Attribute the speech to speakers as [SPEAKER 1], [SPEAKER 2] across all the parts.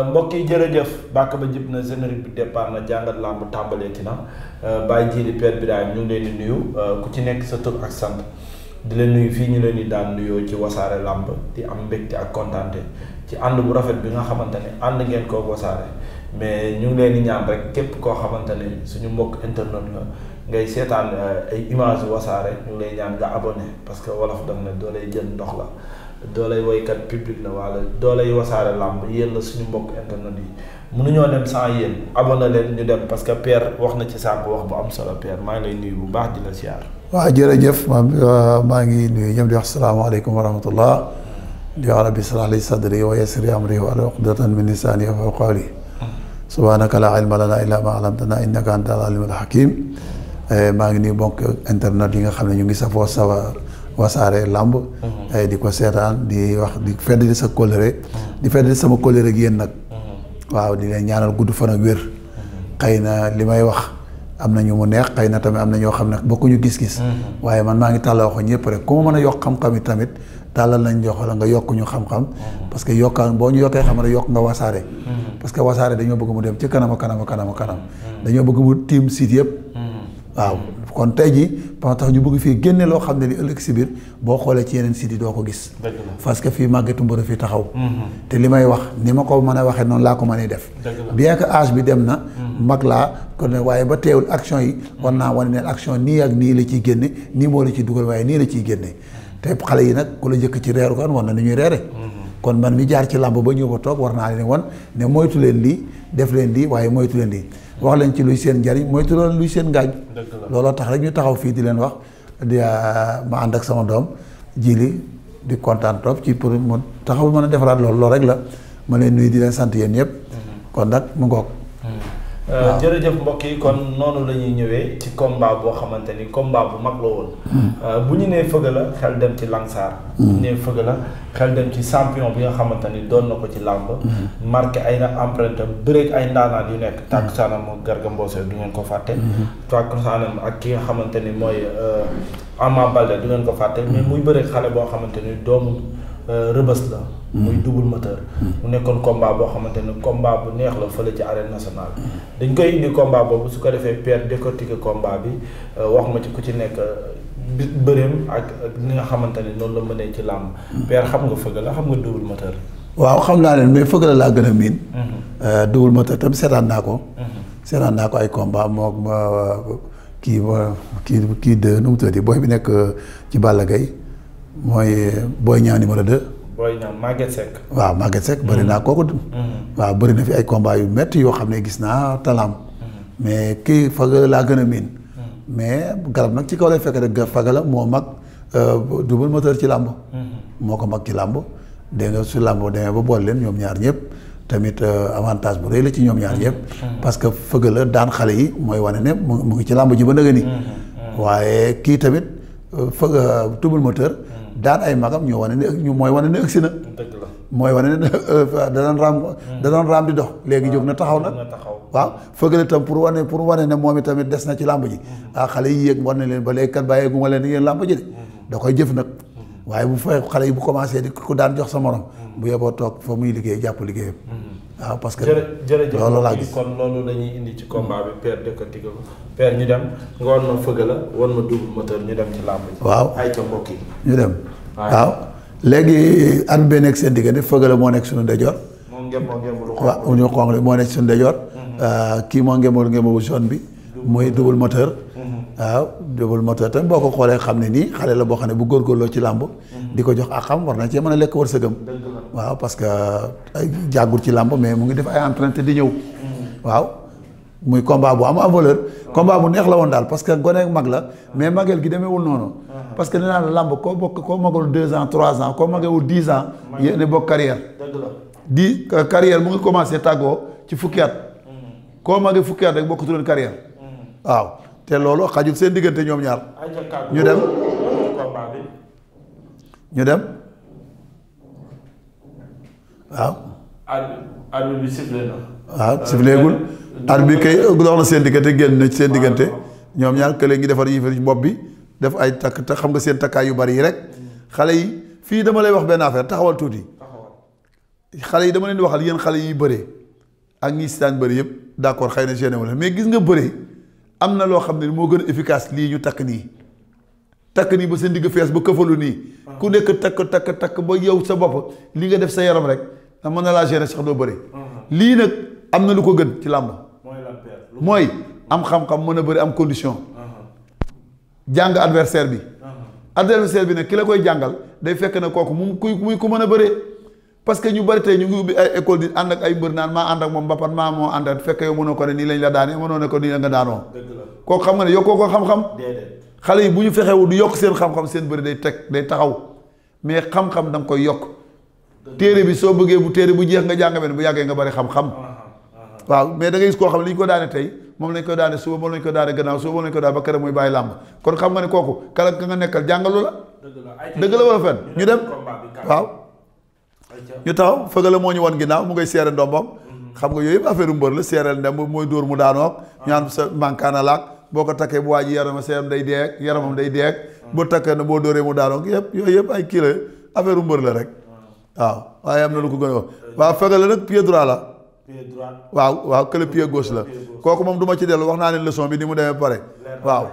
[SPEAKER 1] Euh, mbokk yi jërëjëf bàkk ba jib na générique bi départ na jàngat làmb tàmbaleeti na euh, bàyyi jiili Père Birahim ñu ngi leen di nuyu euh, ku ci nekk sa tur ak sant di leen nuyu fii ñu leen di daan nuyoo ci wasaare làmp di am mbégte ak kontaante ci ànd bu rafet bi nga xamante ne ànd ngeen koo wasaare mais ñu ngi leen di ñaan rek képp koo xamante ne suñu mbokk internet la ngay seetaan ay image wasaare ñu ngi lay ñaan nga abonné parce que wolof daf ne doo lay jël ndox la doolay woykat public la wala doolay wasaare làmb yéen la suñu mbokk internet yi mënuñoo dem sans yéen abonné leen ñu dem parce que Père wax na ci sànq wax bu am solo Père maa ngi lay nuyu bu baax di la siyaar.
[SPEAKER 2] waaw jërëjëf maa euh, maa ngi nuyu ñoom di wax salaamaaleykum wa rahmatullah di wax rabbi shrah li sadri wa yassir amri wahlul uqdatan min lisani yafqahu qawli subhanaka la ilma lana illa ma allamtana innaka antal alimul hakim eh, maa ngi nuyu mbokk internet yi nga xam ne ñu ngi safoo sa wasaare làmb di ko seetaan di wax di feddali sa kóllëre di feddali sama kóllëre ak yéen nag waaw di leen ñaanal gudd fan ak wér xëy na li may wax am na ñu mu neex xay na tamit am na ñoo xam ne ñu gis-gis waaye man maa ngi tàllal waxo ñëpp rek ku ma mën a yokk xam-xam yi tamit tàllal nañ jox la nga yokk ñu xam-xam parce que yokkaan boo ñu yokkee xam rek yokk nga wasaare parce que wasaare dañoo bëgg mu dem ci kanam a kanam a kanam a dañoo bëgg mu tiim siit yëpp waaw kon tey jii ba tax ñu bugg fii génne loo xam ne li ëllëg si biir boo xoolee ci yeneen site di doo ko gis parce que fii màggetu mbër fii taxaw mm-hmm. te li may wax ni ma ko mën a waxee noonu laa ko man def bien que âge bi dem na mm-hmm. mag laa kon waaye ba teewul action yi war naa wane neen action nii ak nii la ciy génne nii moo la ciy dugal waaye nii la ciy génne mm-hmm. te xale yi nag ku la jëkk ci reeru kan war na ni ñuy reere kon man bi jaar ci làmb ba ñëw ba toog war naa leen wan ne moytu leen lii def leen lii waaye moytu leen lii wax leen ci luy seen njariñ mooy tu loolu luy seen ngaañ looloo tax rek ñu taxaw fii di leen wax di euh, ma ànd ak sama doom jili di kontaan trop ci pour mu taxaw mën a defaraat loolu lool rek la ma leen nuyu di leen sant yéen ñëpp mm-hmm. kon nag mu ngoog
[SPEAKER 1] Euh, jërëjëf mbokk yi kon noonu lañuy ñëwee ci combat boo xamante ni combat bu mag la woon. Hmm. Euh, bu ñu nee fëgg la xel dem ci Langsar. Hmm. ñu nee fëgg la xel dem ci champion bi nga xamante ni doon na ko ci làmb. Hmm. marqué ay na empreinte bëreeg ay ndaanaan yu nekk. tàkkusaanam ak Garga Mbossé du ngeen ko fàtte. tàkkusaanam ak ki nga xamante ni mooy euh, Ama Baldé du ngeen ko fàtte. mais muy bëreeg xale boo xamante ni doomu rëbës la. muy hmm. double moteur. Hmm. mu nekkoon combat boo xamante ne combat bu neex la fële ci arène nationale. dañ koy indi combat boobu su ko defee père décortiquer combat bi euh, wax ma ci ku ci nekk euh, bi bëreem ak li nga xamante ne noonu la mënee ci làmb. Hmm. père xam nga fëgg la xam nga double moteur.
[SPEAKER 2] waaw xam naa leen mais fëgg la laa gën a miin. Euh, double moteur tam seetaan naa ko. seetaan naa ko ay combat moo kii kii kii de nu mu tuddati booy bi nekk ci Balla Gaye mooy Boy Niang Boy
[SPEAKER 1] Niang Maguette Seck. waaw Maguette Seck bëri naa mm. kooku. Mm.
[SPEAKER 2] waaw bëri na fi ay combat yu métti yoo xam ne gis naa talaam. Mm. mais kii faga laa gën a miin. mais garab nag ci kaw lay fekk rek faga la moo mag euh, double moteur ci làmb. Mm-hmm. moo ko mag ci làmb. dégg su làmb demee ba boole leen ñoom ñaar ñëpp tamit euh, avantage bu rëy la ci ñoom ñaar ñëpp. Mm-hmm. parce que fëgg la daan xale yi mooy wane ne mu ngi ci làmb ji ba nëgë mm-hmm. waaye kii tamit euh, fëgg double moteur. daan ay magam ñoo wane ne ñoo mooy wane ne si na. dëgg la mooy wane ne euh, danañ raam. danañ raam di dox. léegi jóg na taxaw nag waaw fëgale tam pour wane pour wane na moom itamit des na ci làmb ji. Mm-hmm. ah xale yi yéeg wane leen ba lekkat kat bàyyeegu ma leen di ngeen làmb ji mm-hmm. da koy jëf nag. waaye bu fay xale yi bu commencé di ku daan jox sa morom. bu yeboo toog fa muy liggéey jàpp liggéeyam. Mm-hmm. waaw parce que loolu laa gis
[SPEAKER 1] kon loolu la ñuy indi ci ko père ñu dem nga wan ma fëgg la wan ma ñu dem ci waaw ay ca mbokk yi
[SPEAKER 2] ñu dem waaw léegi at bi seen diggante fëgg la moo nekk suñu ndeyjoor. moom ngeen moo ngeen ñu xonq moo nekk suñu ndeyjoor. Mm-hmm. Euh, kii moo ngeen moo ngeen bi. mooy double moteur. waaw Double Moteur tam boo ko xoolee xam ne nii xale la boo xam ne bu góorgóorloo ci làmb mhm. di ko jox ak xam war na cee mën a lekk wërsëgam waaw parce que ay jàggul ci làmb mais mu ngi def ay entraînement te di ñëw mhm. waaw muy combat bu am am valeur combat bu neex la woon daal parce que gone mag la mais mageel gi demeewul noonu parce que nee naa la làmb koo bokk koo magul deux ans trois ans koo magewul dix ans yéen bokk carrière di euh, carrière mu ngi commencé tàggoo ci fukki at mhm. koo magee fukki at rek te loolu xajul seen diggante ñoom ñaar ñu dem ñu dem waaw
[SPEAKER 1] arbitre bi sifflé
[SPEAKER 2] na bi kay dox na seen diggante génn seen diggante ñoom ñaar kële ngi defar yii bopp bi def ay takk te xam nga seen takkaay yu bari rek xale yi fii dama lay wax benn affaire taxawal tuuti xale yi dama leen di waxal yéen xale yi bëree ak ngi si daan bëri yëpp d'accord xëy na génne wu mais gis nga bëree am na loo xam ne moo gën a efficace lii ñu takk nii takk nii ba sa ndigg fees ba këfalu nii ku nekk takk takk takk ba yow sa bopp li nga def sa yaram rek da mën na laa gérer sax doo bëri uh-huh. lii nag am na lu ko gën ci làmb mooy am xam-xam mën a bëri am condition uh-huh. jàng adversaire bi
[SPEAKER 1] uh-huh.
[SPEAKER 2] adversaire bi nag ki la koy jàngal day fekk na kooku mu muy ku mën a bëree parce que ñu bëri tey ñu ngi ubbi ay école di ànd ak ay mbër naan maa ànd ak moom ba pat maa moo ànd ak fekk yow mënoo ko ne nii lañ la daane mënoo ne ko nii la ko xam bu ñu fexewu du yokk seen xam seen bëri day teg day taxaw mais xam-xam da nga koy yokk téere bi soo bëggee bu téere bu jeex nga jàng benn bu yàggee nga bëri xam-xam waaw mais da ngay ne tey moom lañ ko daane suba ko daane gannaaw suba moom lañ ko daane ba këram muy bàyyi làmb kon xam nga ne kooku kala ka nga nekkal jàngalu la dëgg la wala fen ñu dem waaw ñu taxaw fëgala moo ñu wan ginnaaw mu ngay seere ndombam mm-hmm. xam nga yooyu yëpp affaire mbër la seereel ndemb mooy dóor mu daanoog ah. ñaan sa mankaana laak boo ko takkee bu waa ji yaramam seeram day deeg yaramam day deeg ah. boo takkee na boo dóoree mu daanoog yëpp yooyu yëpp ay kii la affaire mbër la rek ah. waaw waaye am na lu ko gën a wax waaw fëgala nag pied droit la waaw waaw kële pied gauche la kooku moom du ci dellu wax naa ne leçon bi ni mu demee pare waaw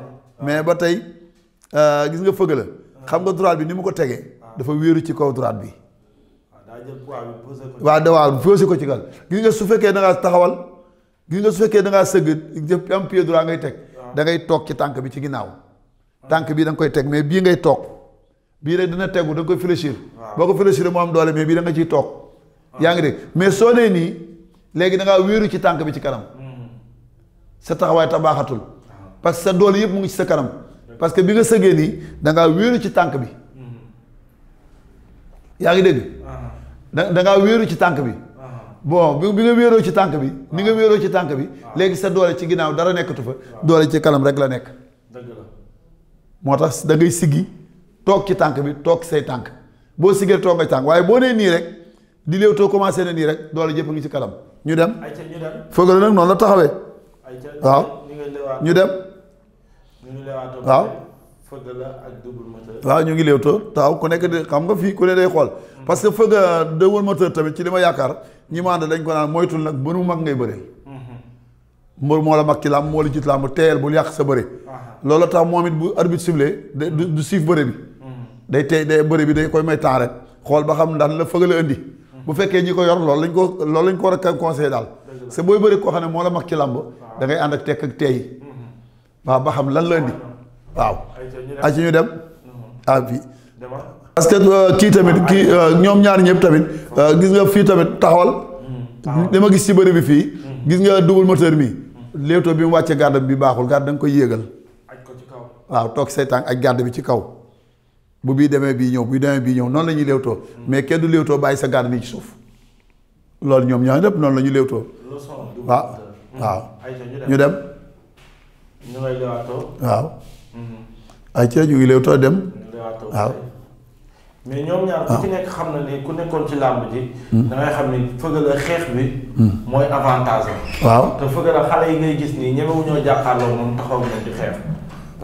[SPEAKER 2] mais ba tey euh, gis nga fëgala xam nga droite bi ni mu ko tegee dafa wéeru ci kaw bi waaw da waaw posé ko ci gal gis nga su fekkee da ngaa taxawal gis nga su fekkee da ngaa sëgg jëf am pied droit ngay teg da ngay toog ci tànk bi ci ginnaaw tànk bii da koy teg da nga koy fléchir boo ko fléchir moo am doole mais bii da ciy toog yaa ngi dégg mais soo nee nii léegi da ngaa wéeru ci tànk bi ci kanam hmm. sa taxawaay tabaaxatul parce que sa doole yëpp mu ngi ci sa kanam parce que bi nga sëggee nii da ngaa wéeru ci tànk bi hmm. yaa ngi dégg ah. da da ngaa wéeru ci tànk bi. bon bi nga wéeroo ci tànk bi. ni nga wéeroo ci tànk bi. léegi sa doole ci ginnaaw dara nekkatu fa. doole ci kanam rek la nekk. dëgg la moo tax da ngay siggi toog ci tànk bi toog say tànk boo siggee toog nga tànk waaye boo nee nii rek di léewtoo commencé na nii rek doole jëpp ngi ci kanam ñu dem. Feugueleu nag noonu la taxawee. waaw ñu dem.
[SPEAKER 1] waaw. fëgg la ak double moteur. waaw ñu ngi léewtoo
[SPEAKER 2] taaw ku nekk de xam nga fii ku ne day xool. parce que fëgg double moteur tamit ci li ma yaakaar ñi ma ànd dañ ko naan moytul nag mbër mu mag ngay bëre. Mhm. mbër moo la mag ci làmb moo la jiit làmb teyel bul yàq sa bëre. loolu tax moom it bu arbitre sifflé du siif bëre bi. Mhm. day tey bëre bi day koy may temps xool ba xam daan la fëgg la indi. bu fekkee ñi ko yor loolu lañ ko loolu lañ ko war a conseillé daal. dëgg booy bëri koo xam ne moo da ngay ànd ak tekk ak teey. Mhm. waaw ba waaw. ay ci ñu dem. Mhm. ah bi parce que euh, kii tamit kii euh, ñoom ñaar ñëpp tamit mhm. euh, gis nga fii tamit taxawal. Mhm. li ma gis ci bëri bi fii. gis nga double moteur mi. léetoo bi mu wàccee garde bi baaxul garde da koy yéegal. aj ko ci kaw waaw toog say ak garde bi ci kaw. bu bii demee bii ñëw bu demee bii ñëw noonu la ñuy mais kenn du bàyyi sa garde nii ci suuf loolu ñoom ñoo ñëpp noonu la ñuy léewtoo waaw waaw ñu dem
[SPEAKER 1] ñu ngay waaw ay ca ñu ngi Leewtoo dem. waaw. mais ñoom ñaar ku ci ah. nekk xam na ni ku nekkoon ci làmb ji. Hmm. da ngay xam ni Feugeula xeex bi. Hmm. mooy avantage am. waaw te Feugeula xale yi ngay gis nii ñemewuñoo jàkkaarloo moom taxaw moom di
[SPEAKER 2] xeex.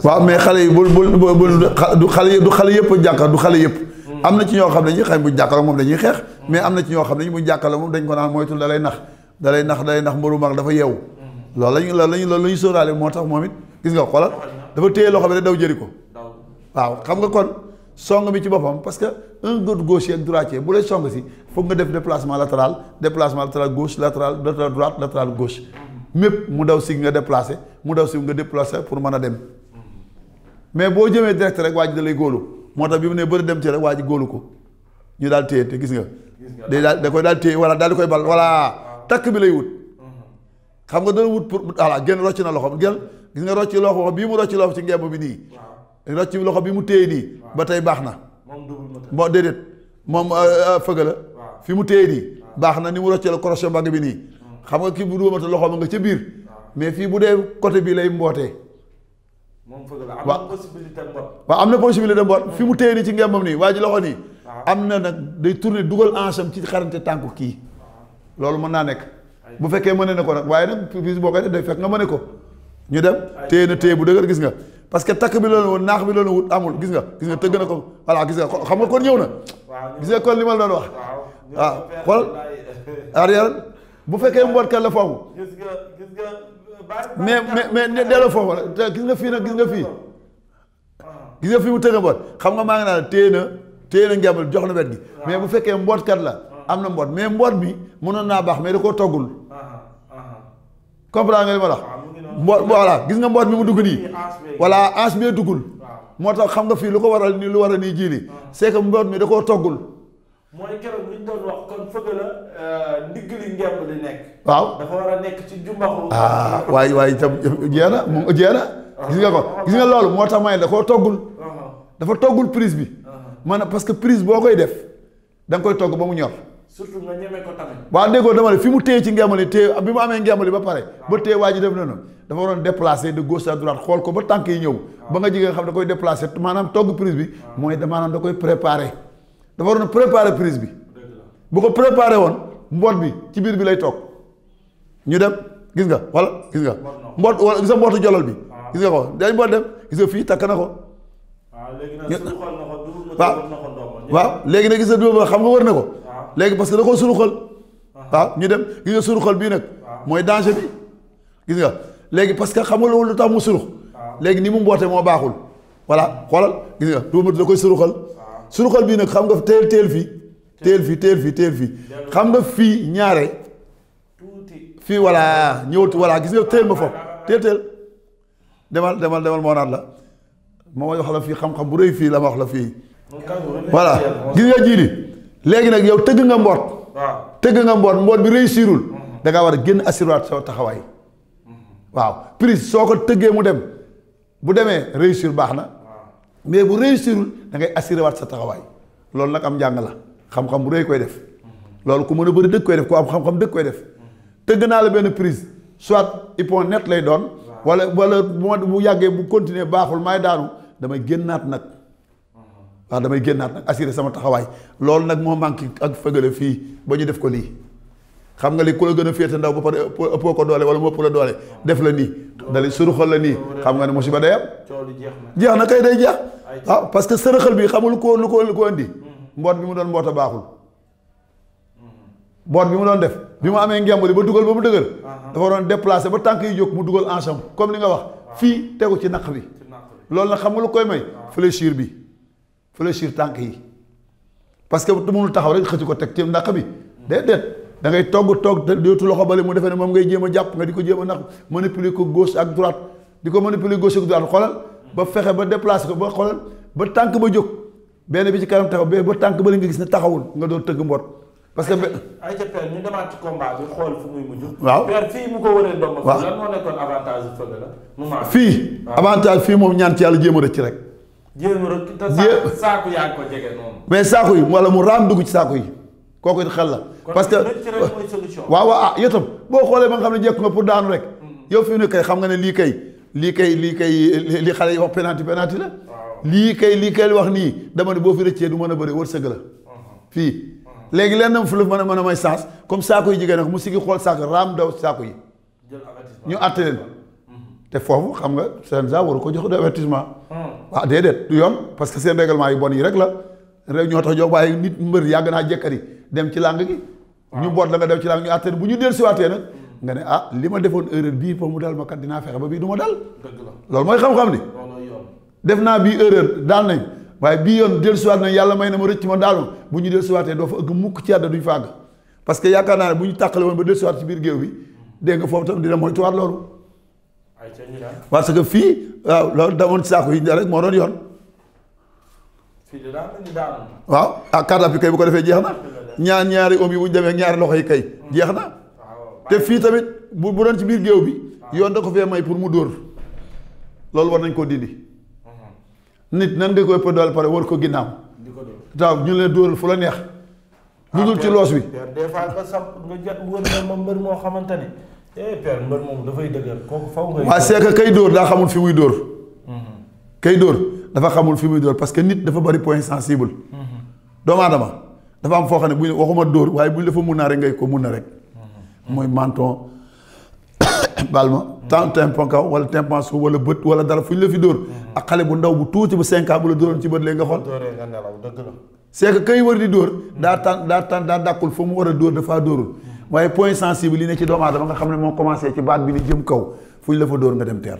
[SPEAKER 2] waaw mais xale yi bul bul bul hmm. du xale du xale yëpp a jàkkaar du xale yëpp. am na ci ñoo xam ne ñi xam bu ñu jàkkaarloo moom dañuy xeex. mais am na ci ñoo xam ne bu mu jàkkaarloo moom dañ ko naan moytul da lay nax da lay nax da lay nax mbaru dafa yeewu. ñu loolu la moom it gis dafa téye loxo bi rek daw jëri ko waaw xam nga kon song bi ci boppam parce que un gaucher ak droitier bu lay song si foog nga def déplacement latéral déplacement latéral gauche latéral latéral droite latéral gauche mm-hmm. mépp mu daw si nga déplacé mu daw si nga déplacé pour mën a dem mm-hmm. mais boo jëmee direct rek waa ji lay góolu moo tax bi mu ne bëri dem ci rek waa ji góolu ko ñu daal téye te gis nga. day daal da koy daal téye wala daal di koy bal wala ah. takk bi lay wut. Mm-hmm. xam nga dana wut pour voilà génn rocc na loxoom génn gis nga rocci loxo bii mu rocci loxo ci ngemb bi nii rocci loxo bi mu téye nii ba tey baax na moo déedéet moom euh, euh, fëgga la fi mu téye nii baax na ni mu rocce la crochet mbagg bi nii hmm. xam nga kii bu duumata loxo ma nga ca biir mais fii bu dee côté bii lay mbootee
[SPEAKER 1] waaw
[SPEAKER 2] waaw am na possibilité de mboot fi mu hmm. téye nii ci ngembam nii waa ji loxo nii am na nag day tourner dugal encham ci xarante tànk kii loolu mën naa nekk bu fekkee mëne na ko rek waaye nag bis boo koy def de fekk nga mëne ko ñu dem téye na téye bu dëgër gis nga parce que takk bi loolu woon naax bi loolu wut amul gis nga gis nga tëgg na ko voilà gis nga xam nga kon ñëw na gis nga kon ma la wax waaw ah, xool arrière bu fekkee mbootkat la foofu mais mais mais delloo foofu gis nga fii nag gis nga fii ah. gis nga fii mu tëgg mboot xam nga maa ngi naan téye na téye na njàmbal jox na wet gi ah. mais bu fekkee mbootkat la am na mboot mais mboot bi mënoon naa baax mais da koo toggul comprendre nga li la mboot voilà gis nga mboot mi mu dugg nii voilà ans bee duggul moo tax xam nga fii lu ko waral nii lu waral nii jiili ah. c'est que mboot mi da koo toggul
[SPEAKER 1] mooy keroog li ñu doon wax kon fëgg la euh, ndigg li waaw dafa war nekk ci jumbaxu.
[SPEAKER 2] waaye ah, waaye itam jeex na mu jeex na. gis nga ko gis nga loolu moo tax may da koo toggul. Uh-huh. dafa toggul prise bi. Uh-huh. maanaam parce que prise boo koy def da nga koy togg ba mu ñor.
[SPEAKER 1] surtout nga ñeme ko
[SPEAKER 2] déggoo dama ne fi mu téye ci ngemb li téye bi mu amee ngemb ba pare. ba téye waa ji def na noonu. dafa waroon déplacer de gauche à droite xool ko ba tànk yi ñëw ba nga jege nga xam da koy déplacer maanaam togg prise bi mooy da maanaam da koy préparer dafa waroon préparer prise bi bu ko préparer woon mboot bi ci biir bi lay toog ñu dem gis nga walla gis nga mboot wala gis nga mbootu jolol bi ah. gis nga ko dañ mboot dem gis nga fii takk na ko ah, waaw waaw léegi nag gis nga duba xam nga wër na ko ah. léegi parce que ko koo suruxal waaw ñu dem gis nga suruxal bii nag mooy danger bi léegi parce que xam nga loolu lu tax mu surux ah. léegi nii mu mboote moo baaxul voilà xoolal gis nga doo ah. bii nag xam nga teel teel fii teel fii teel fii teel fii xam nga fii ñaare fii voilà ñëwatu voilà gis nga teel ma foofu ah, teel teel demal demal demal moo naat la moo wax la fii xam-xam bu rëy fii la ma wax la fii voilà gis nga jiiri léegi nag yow tëgg nga mboot tëgg nga mboot mboot bi réussirul mm-hmm. da ngaa war a génn assurer soo taxawaay waaw prise soo ko tëggee mu dem bu demee réussir baax na mais bu réussirul da ngay assuré waat sa taxawaay loolu nag am njàng la xam-xam bu rëy koy def loolu ku mën a bëri dëkk koy def ku am xam-xam dëkk koy def tëgg naa la benn prise soit ipon net lay doon wala wala bu bu yàggee bu continuer baaxul maay daanu damay génnaat nag mhm. waaw damay génnaat nag assuré sama taxawaay loolu nag moo manqué ak fëgale fii ba ñu def ko lii xam nga li ku la gën a féete ndaw ba pare ëppoo ko doole wala mu ëpp a doole def la nii dali suruxal la nii xam nga ne musiba day am jeex na kay day jeex waaw ah, parce que sërëxal bi xamul ko lu ko lu ko indi mm-hmm. mboot bi mu doon mboota baaxul mm-hmm. boot bi mu doon def bi mu amee ngemb li ba dugal ba mu dëgër uh-huh. dafa waroon déplacé ba tànk yi jóg mu dugal en comme li nga wax fii tegu ci naq bi loolu nag xam nga lu koy may fléchir bi fléchir tànk yi parce que mënul taxaw rek xëcc ko teg ci bi mm-hmm. déedéet da ngay togg togg te dootu loxo bale mu defee ne moom ngay jéem a jàpp nga di ko jéem a nax manipuler ko gauche ak droite di ko manipuler gauche ak droite xoolal ba fexe ba déplacer ko ba xoolal ba tànk ba jóg benn bi ci kanam taxaw ba ba tànk ba la gis ne taxawul nga doon tëgg mbot parce que
[SPEAKER 1] ay ca père xool fu muy
[SPEAKER 2] mujj. waaw père fii ko wëree ndomba. waaw lan
[SPEAKER 1] moo nekkoon avantage bi fële
[SPEAKER 2] fii moom ñaan ci yàlla jéem a rëcc rek.
[SPEAKER 1] jéem a saako yaa ngi ko mais
[SPEAKER 2] saako yi wala mu raam dugg ci saako yi. kooku it xel la. parce que waaw waaw ah yow boo xoolee ba nga xam ne jekk nga pour daanu rek. Hmm. yow fi ne kay xam nga ne lii kay lii kay lii kay li xale yi wax penalty penalty la. lii kay lii kay wax nii dama ne boo fi rëccee du mën a bëri wërsëg la. Uh-huh. fii uh-huh. léegi leen nam fuluf mën a mën a may saas comme saako yi jigéen nag mu sigi xool saako raam daw saako yi. ñu àtte leen uh-huh. te foofu xam nga seen waru ko jox avertissement. Hmm. waaw déedéet du yoon parce que seen règlement yu bon yi rek la. réew ñoo tax jóg waaye nit mbër yàgg naa jekkari dem ci làng gi ñu boot la nga dem ci làng ñu àttee bu ñu dellu siwaatee nga ne ah li ma defoon erreur bii pour mu dal ma kat dinaa fexe ba bii du ma dal loolu mooy xam-xam ni def naa bii erreur daal nañ waaye bii yoon dellu nañ yàlla may na ma rëcc ma daal ma bu ñu dellu doo fa ëgg mukk ci àdda duñ fa àgg parce yaakaar naa ne bu ñu tàqale woon ba dellu siwaat ci biir géew bi dégg que fii waaw loolu damoon saako yi rek moo doon yoon waaw ah carte d'identité kay bu ko defee jeex na ñaar ñaari om yi bu ñu demee ñaari loxo yi kay mm. jeex na te fii tamit bu bu doon ci biir géew bi ah. yoon da ko fee may pour mu dóor loolu war nañ koo dindi mm-hmm. nit nan nga koy pëddal pare war ko ginnaaw taaw ñu leen dóoral fu la neex ah, lu dul ci loos wi
[SPEAKER 1] des fois nga sam nga jot wër ma moo xamante ne eh père mbër moom dafay dëgër kooku faw dóor daa
[SPEAKER 2] xamul fi muy dóor mm-hmm. kay dóor dafa xamul fi muy dóor parce que nit dafa bari point sensible. doomu aadama dafa am foo xam ne bu ñu waxuma dóor waaye bu ñu fa mun naa rek ngay ko mun na rek. mooy menton baal ma tant tympan kaw wala tympan suuf wala bët wala dara fu ñu la fi dóor. ak xale bu ndaw bu tuuti bu cinq ans bu la dóoroon ci bët léegi nga xool. dóoree nga nelaw dëgg la. c'est que war di dóor. daa tàn daa tàn daa dàqul fa mu war a dóor dafaa dóorul. waaye point sensible yi ne ci doomu aadama nga xam ne moo commencé ci baat bi ni jëm kaw fu ñu la fa nga dem teer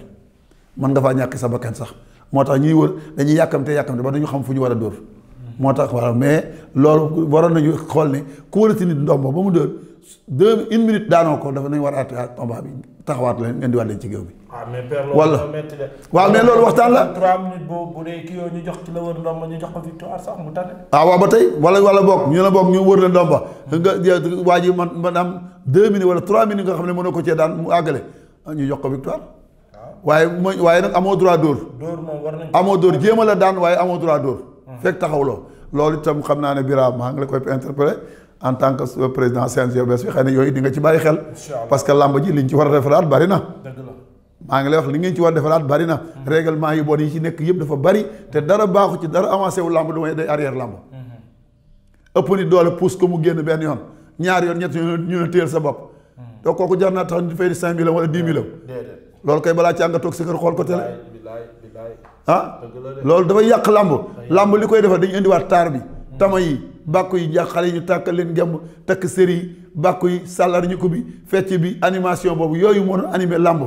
[SPEAKER 2] man nga ñàkk sa bakkan sax. moo tax ñuy wër dañuy yàkkamte yàkkamte ba dañu xam fu ñu war a dóor moo tax waaw mais loolu waroon nañu xool ne ku wër si nit ndombo ba mu dóor deux une minute daanoo ko dafa nañ war a at combat bi taxawaat la di waat leen ci géew bi. waaw ah, mais père loolu waaw mais loolu waxtaan la.
[SPEAKER 1] ñu jox ci la wër ndomba ñu jox ko victoire sax mu tane.
[SPEAKER 2] Ah, waaw ba tey wala wala boog ñu ne boog ñu wër la ndomba. nga waa ji man man am 2 minutes wala 3 minutes nga xam ne mënoo ko cee daan mu àggale ñu jox ko victoire. waaye mooy ma waaye nag amoo droit dóor.
[SPEAKER 1] amoo dóor jéem
[SPEAKER 2] la daan waaye amoo droit dóor. fekk taxawloo loolu itam xam naa ne Birame maa ngi la koy interpellé en tant que président CNG bees bi xëy yooyu di nga ci bàyyi xel. parce làmb ji a defaraat bari na. maa li ngeen ci war a bari na. Mm-hmm. règlement yu bon yi ci nekk yëpp dafa bari te dara baaxu ci dara avancé wu làmb du may day arrière làmb. Mm-hmm. ëpp ni doole pousse ko mu génn benn yoon ñaar yoon ñett ñu ne téyel sa bopp. Mm-hmm. donc kooku loolu koy balaa caa nga toog sa kër xool ko télé ah loolu dafay yàq làmb làmb li koy defar dañu indiwaat taar bi tama yi bàkk yi jàq xale yi ñu tàkk leen ngemb takk série yi bàkku yi sàllar ñu ko bi fecc bi animation boobu yooyu moo doon animé làmb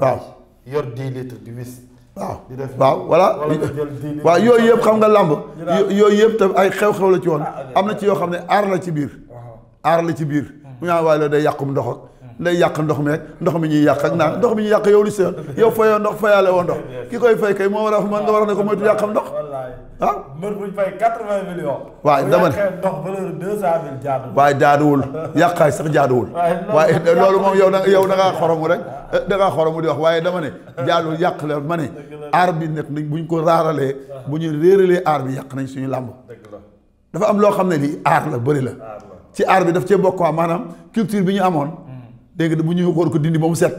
[SPEAKER 1] waaw yor 10 litres
[SPEAKER 2] di wis waaw waaw voilà waaw yooyu yëpp xam nga làmb yooyu yëpp tam ay xew-xew la ci woon ah, am na ci yoo xam ne aar la ci biir aar la ci biir hmm. mu ñaa loolu day yàqum ndox ak day yàq ndox mi rek ndox mi ñuy yàq ak naan ndox mi ñu yàq yow li seen yow fayoo ndox fayaale woo ndox ki koy fay kay moo war a man a ne ko moytu yàqam ndox ah mbër buñ fay quatre-vingts millions waaye dama ne ndox valeur deux cent mille jaaduwul waaye jaaduwul yàqaay sax jaaduwul
[SPEAKER 1] waaye loolu moom
[SPEAKER 2] yow da yow da ngaa xoromu rek da ngaa xoromu di wax waaye dama ne jaaduwul yàq la ma ne aar bi nekk nañ buñ ko raaralee bu ñu réeralee aar bi yàq nañ ñu làmb dafa am loo xam ne lii aar la bëri la ci aar bi daf cee bokk waa maanaam culture bi ñu amoon dégg nga bu ñu xool ko dindi ba mu set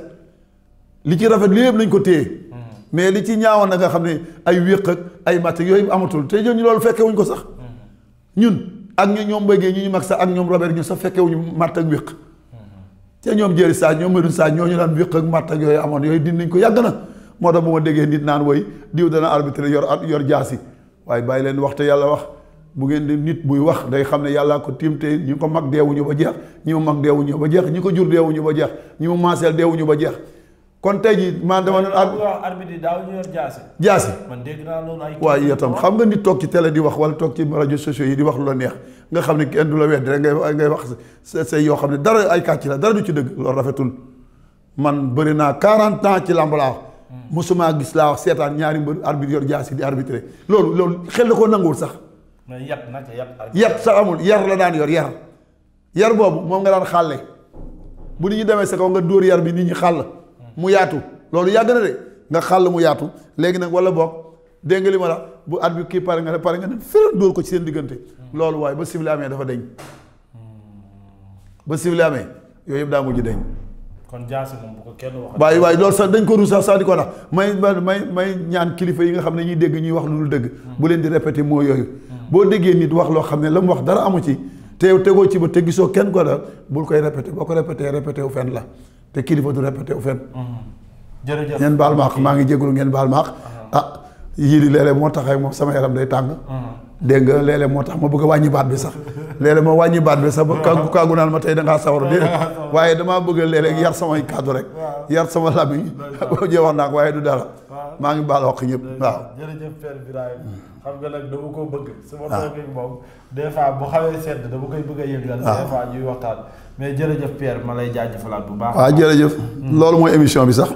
[SPEAKER 2] li ci rafet lépp nañ ko téye mais li ci ñaawoon na nga xam ne ay wéq ak ay matt yooyu amatul te ñooñu loolu fekke wuñ ko sax ñun ak ñu ñoom mbéygee ñu ñu mag sax ak ñoom Robert ñu sax fekke wuñu matt ak wéq te ñoom Jéeri Saaj ñoom Medoune Saaj ñooñu daan wéq ak matt ak yooyu amoon yooyu dindi nañ ko yàgg na moo tax bu ma déggee nit naan woy diw dana arbitre yor at yor jaasi waaye bàyyi leen waxte yàlla wax bu ngeen di nit buy wax day xam ne yàlla ko tiim tiimte ñi ko mag deewuñu ba jeex ñi mu mag deewuñu ba jeex ñi ko jur deewuñu ba jeex ñi mu maaseel deewuñu ba jeex kon tey jii man dama doon arbitre
[SPEAKER 1] daaw ñu yor jaasi jaasi man dégg naa loolu ay waaye xam nga nit
[SPEAKER 2] toog ci télé di wax wala toog ci rajo sociaux yi di wax lu la neex nga xam ne kenn du la wedd rek ngay ngay wax say yoo xam ne dara ay kàcc la dara du ci dëgg loolu rafetul man bëri naa quarante ans ci làmb laa wax hmm. mosuma gis laa wax seetaan ñaari mbër arbitre yor jaasi di arbitré loolu loolu xel la koo nanguwul sax
[SPEAKER 1] mais yat nag yat
[SPEAKER 2] sax amul yar la daan yor yar yar boobu moom nga daan xàlle bu nit ñi demee sa kaw nga dóor yar bi nit ñi xàll mu yaatu loolu yàgg na de nga xàll mu yaatu léegi nag wala boog dégg nga li ma la bu at bi kii pare nga ne pare nga dóor ko ci seen diggante loolu waaye ba civil amee dafa deñ ba civil amee yooyu yëpp daa mujj deñ
[SPEAKER 1] kon jaasi moom bu ko kenn wax. waaye
[SPEAKER 2] waaye loolu sax dañ ko sax sax ko tax may may may ñaan kilifa yi nga xam ne ñuy dégg ñuy wax lu dul dëgg. Hmm. bu leen di répété moo yooyu. Hmm. boo déggee nit wax loo xam ne la mu wax dara amu ci te yow tegoo ci ba te gisoo kenn ko daal bul koy répété boo ko répété répété wu fen la te kilifa du répété wu fen mm-hmm. jërëjëf ngeen baal maax maa ngi jégalu ngeen baal maax uh-huh. ah yii di léeg moo tax moom sama yaram day tàng mm-hmm. dégg nga léeg moo tax ma bëgg wàññi baat bi sax léeg-léeg ma wàññi baat bi sax ba kàggu kàggu naan ma tey dangaa sawar dé waaye damaa bëgg léeg-léeg yar samay kàddu rek yar sama làmmiñ boo jee wax naa ko waaye du dara maa ngi baal wax ñëpp waaw
[SPEAKER 1] jërëjëf Père Birahim hmm. xam nga nag dama ko bëgg su ma ah. toogee moom des fois bu xawee sedd dama koy bëgg a yëngal ah. des fois ñuy waxtaan mais jërëjëf Père ma lay jaajëfalaat bu baax waaw ah, jërëjëf hmm. loolu mooy émission bi sax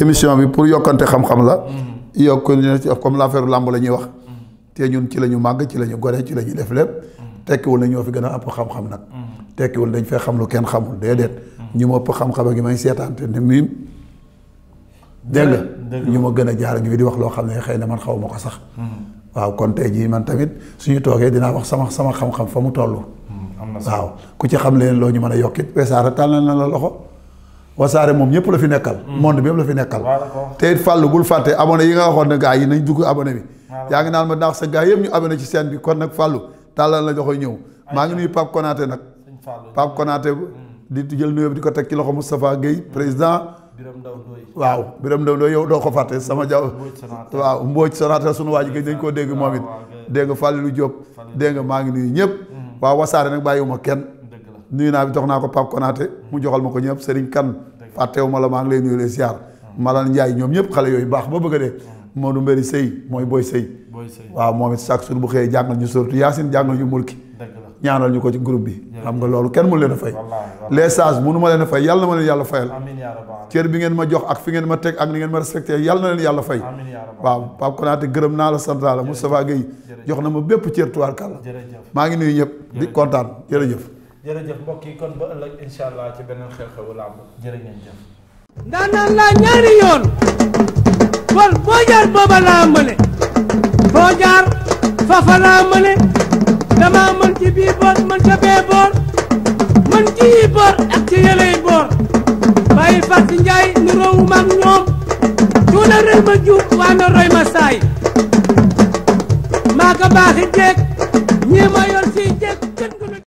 [SPEAKER 2] émission bi pour yokkante xam-xam la hmm. yokk comme l'affaire làmb la ñuy wax te ñun ci la ñu màgg ci la ñu gore ci la ñu def lépp tekkiwul na ñoo fi gën a ëpp xam-xam nag tekkiwul dañ fee xam lu kenn xamul déedéet ñu ma ëpp xam-xam ak yi may seetaan te ni dégg nga ñu ma gën a jaar ñu di wax loo xam ne xëy na man xaw ma ko sax. Hmm. waaw kon tey jii man tamit suñu toogee dinaa wax sama sama xam-xam fa mu toll. Hmm, waaw ku ci xam leen loo ñu man a yokkit wesaare tal na la loxo. wasaare moom ñëpp la fi nekkal. Hmm. monde bi yëpp la fi nekkal. te it fàllu bul fàtte abonné yi nga waxoon ne gaa yi nañ dugg abonné bi. yaa ngi naan ma ndax sa gaa yëpp ñu abonné ci seen bi kon nag fàllu tàllal la joxoy ñëw. maa ngi nuyu Pape Konaté nag. Pape Konaté di jël nuyoo bi di ko teg ci loxo Moustapha Guèye président waaw biram ndaw dooy yow doo ko fàtte sama jaw waaw mbooj Sonatel sunu waa ji gëj dañ koo dégg moom it dégg nga Fallou Diop dégg nga maa ngi nuyu ñëpp mm-hmm. waaw wasaare nag bàyyiwuma kenn nuyu naa bi jox naa ko Pape Konaté mu mm-hmm. joxal ma ko ñëpp Serigne Kane fàttewuma la maa ngi lay nuyu les ziar mm-hmm. Malal Ndiaye ñoom ñëpp xale yooyu baax ba bëgg a dee Modou Mbéri Sey mooy Boy Sey waaw moom it chaque jour bu xëyee jàngal ñu surtout Yaasin jàngal ñu mulki ñaanal ñu ko ci groupe bi xam nga loolu kenn mu leen a fay les sages mënu ma leen a fay yàlla na ma leen yàlla fayal cër bi ngeen ma jox ak fi ngeen ma teg ak ni ma respecté yàlla na leen yàlla fay waaw Pape Konaté gërëm naa la sant naa la Moustapha jox na ma bépp cër tuwaar kàlla maa ngi nii ñëpp di kontaan jërëjëf
[SPEAKER 1] jërëjëf mbokk yi kon ba allah ci beneen xew
[SPEAKER 2] laa ñaari yoon kon boo jaar booba laa mëne boo jaar fafa laa mëne
[SPEAKER 1] dama mën ci bii boor mën ca bee boor mën ci yi boor ak ci
[SPEAKER 2] yëley nu roowu maag ñoom cuuna rëy ma waa na roy maa ko baaxi jeeg
[SPEAKER 1] ñii ma yor si jeeg